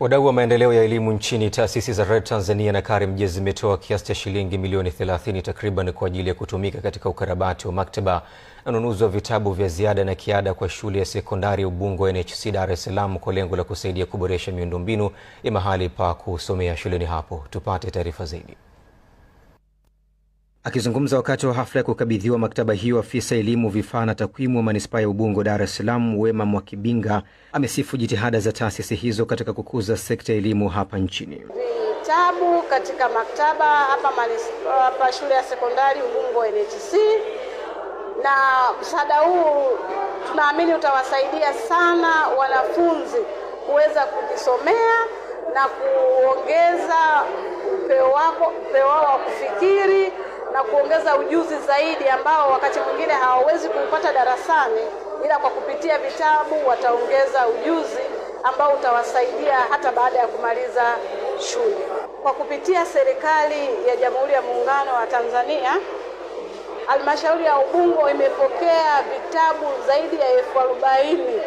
Wadau wa maendeleo ya elimu nchini, taasisi za RED Tanzania na KAREMJE zimetoa kiasi cha shilingi milioni 30 takriban kwa ajili ya kutumika katika ukarabati wa maktaba na ununuzi wa vitabu vya ziada na kiada kwa shule ya sekondari ya Ubungo NHC Dar es Salaam kwa lengo la kusaidia kuboresha miundombinu ya mahali pa kusomea shuleni hapo. Tupate taarifa zaidi. Akizungumza wakati wa hafla ya kukabidhiwa maktaba hiyo, afisa elimu, vifaa na takwimu wa manispaa ya Ubungo, Dar es Salaam, Wema Mwakibinga amesifu jitihada za taasisi hizo katika kukuza sekta ya elimu hapa nchini. Vitabu katika maktaba hapa hapa shule ya sekondari Ubungo NHC, na msaada huu tunaamini utawasaidia sana wanafunzi kuweza kujisomea na kuongeza upeo wao wa kufikiri na kuongeza ujuzi zaidi ambao wakati mwingine hawawezi kuupata darasani, ila kwa kupitia vitabu wataongeza ujuzi ambao utawasaidia hata baada ya kumaliza shule. Kwa kupitia serikali ya Jamhuri ya Muungano wa Tanzania, Halmashauri ya Ubungo imepokea vitabu zaidi ya elfu arobaini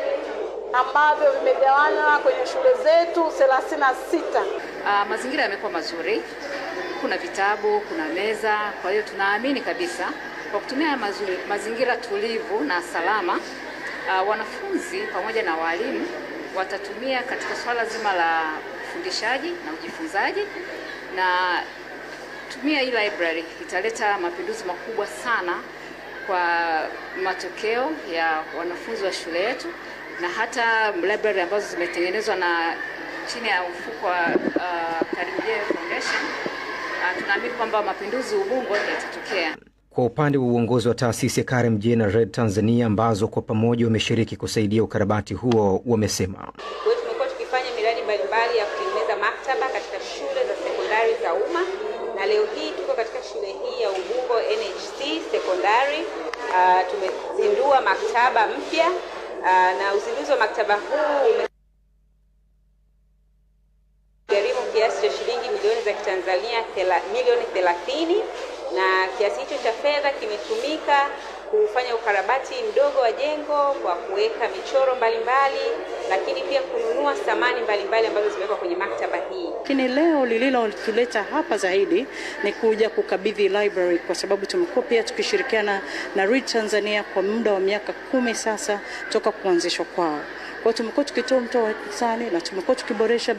ambavyo vimegawanywa kwenye shule zetu thelathini na sita. Uh, mazingira yamekuwa mazuri kuna vitabu, kuna meza. Kwa hiyo tunaamini kabisa kwa kutumia mazuri, mazingira tulivu na salama uh, wanafunzi pamoja na walimu watatumia katika swala zima la ufundishaji na ujifunzaji na tumia hii library italeta mapinduzi makubwa sana kwa matokeo ya wanafunzi wa shule yetu, na hata library ambazo zimetengenezwa na chini ya mfuko wa uh, ah, Karimjee Foundation tunaamini kwamba mapinduzi Ubungo yatatokea. Kwa upande wa uongozi wa taasisi ya Karen Jenner Red Tanzania ambazo kwa pamoja wameshiriki kusaidia ukarabati huo, wamesema tumekuwa tukifanya miradi mbalimbali ya kutengeneza maktaba katika shule za sekondari za umma, na leo hii tuko katika shule hii ya Ubungo NHC sekondari. Uh, tumezindua maktaba mpya uh, na uzinduzi wa maktaba huu za Kitanzania milioni 30 na kiasi hicho cha fedha kimetumika kufanya ukarabati mdogo wa jengo kwa kuweka michoro mbalimbali mbali, lakini pia kununua samani mbalimbali ambazo zimewekwa kwenye maktaba hii. Lakini leo lililotuleta hapa zaidi ni kuja kukabidhi library, kwa sababu tumekuwa pia tukishirikiana na READ Tanzania kwa muda wa miaka kumi sasa toka kuanzishwa kwao. Kwa tumekuwa tukitoa mtoa wa hisani na tumekuwa tukiboresha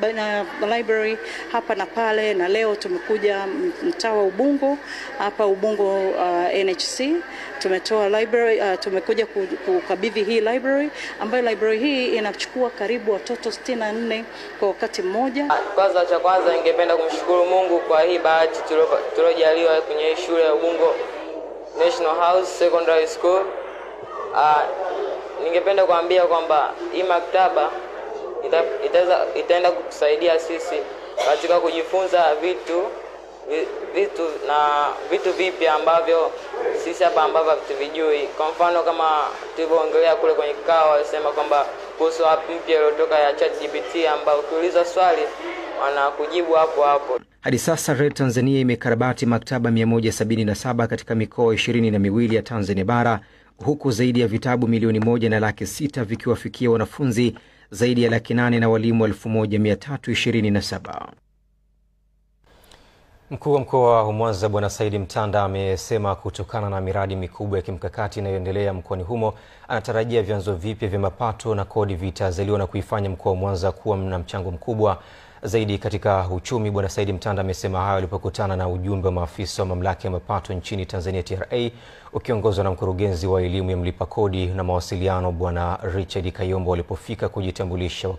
library hapa na pale, na leo tumekuja mtaa wa Ubungo hapa Ubungo uh, NHC tumetoa library uh, tumekuja kukabidhi hii library ambayo library hii inachukua karibu watoto 64 kwa wakati mmoja. Kwanza cha kwanza ningependa kumshukuru Mungu kwa hii bahati tuliojaliwa kwenye hii shule ya Ubungo National House Secondary School. Uh, ningependa kuambia kwamba hii maktaba itaweza itaenda kutusaidia sisi katika kujifunza vitu vitu na vitu vipya ambavyo sisi hapa ambavyo hatuvijui. Kwa mfano kama tulivyoongelea kule kwenye kikao, walisema kwamba kuhusu app mpya iliyotoka ya ChatGPT ambayo ukiuliza swali wanakujibu hapo hapo. Hadi sasa Red Tanzania imekarabati maktaba 177 katika mikoa ishirini na miwili ya Tanzania bara huku zaidi ya vitabu milioni moja na laki sita vikiwafikia wanafunzi zaidi ya laki nane na walimu elfu moja mia tatu ishirini na saba. Mkuu wa mkoa wa Mwanza Bwana Saidi Mtanda amesema kutokana na miradi mikubwa ya kimkakati inayoendelea mkoani humo anatarajia vyanzo vipya vya mapato na kodi vitazaliwa na kuifanya mkoa wa Mwanza kuwa na mchango mkubwa zaidi katika uchumi. Bwana Saidi Mtanda amesema hayo alipokutana na ujumbe wa maafisa wa mamlaka ya mapato nchini Tanzania TRA ukiongozwa na mkurugenzi wa elimu ya mlipa kodi na mawasiliano Bwana Richard Kayombo walipofika kujitambulisha